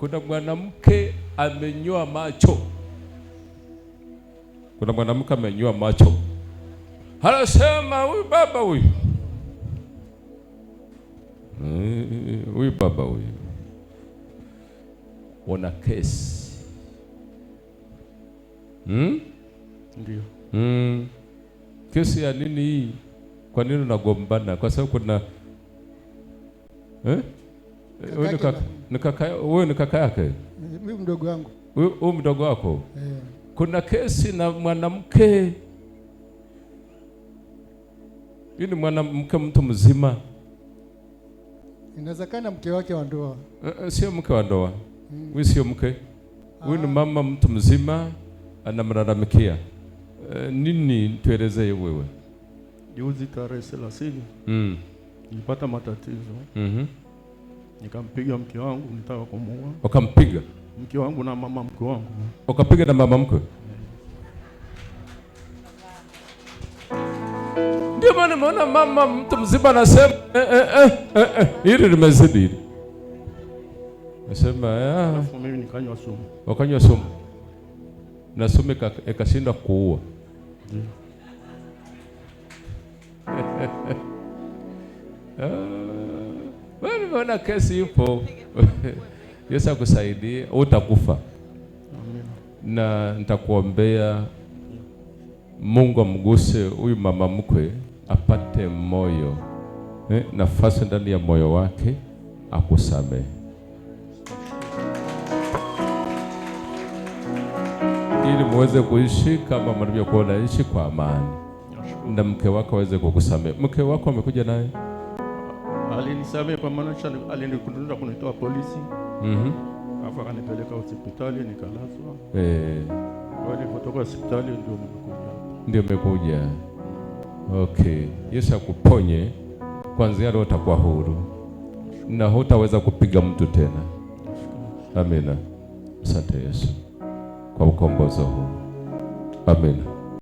Kuna mwanamke amenyoa macho, kuna mwanamke amenyoa macho, anasema huyu baba huyu eh, huyu baba huyu wana kesi hmm? Ndio. Hmm. Kesi ya nini hii? Kwa nini unagombana? Kwa sababu kuna eh? Wewe ni kaka, yake? Mimi mdogo wangu. Wewe mdogo wako? Eh. Kuna kesi na mwanamke. ni mwanamke mtu mzima. Inawezekana mke wake wa ndoa. Uh, uh, Sio mke wa ndoa. Mm. Wewe sio mke. Wewe ni ah. mama mtu mzima anamlalamikia. Uh, nini tuelezee wewe? Juzi tarehe 30. Mm. Nilipata matatizo. mm -hmm. Nikampiga mke wangu nitaka kumuua. Ukampiga mke wangu na mama mke wangu. Ukapiga na mama mke? Ndio maana maona mama mtu mzima anasema eh, eh, eh, eh, eh. hili limezidi hili. Nasema ya. Ah. Mimi nikanywa sumu. Wakanywa sumu. Na sumu ikashinda kuua. Mm. ah. Wewe umeona kesi ipo, Yesu akusaidie, utakufa na nitakuombea Mungu amguse huyu mama mkwe, apate moyo eh, nafasi ndani ya moyo wake, akusamehe. ili muweze kuishi kama mlivyokuwa naishi kwa amani, na mke wako aweze kukusamehe. Mke wako amekuja naye Ah. Alinisamehe kwa maana alinikunduza kunitoa polisi, mhm. alafu akanipeleka hospitali nikalazwa. Eh. Nilipotoka hospitali ndio nimekuja, ndio nimekuja. Okay, Yesu akuponye kwanzia leo, utakuwa huru na hutaweza kupiga mtu tena. Amina. Asante Yesu kwa ukombozo huu. Amina.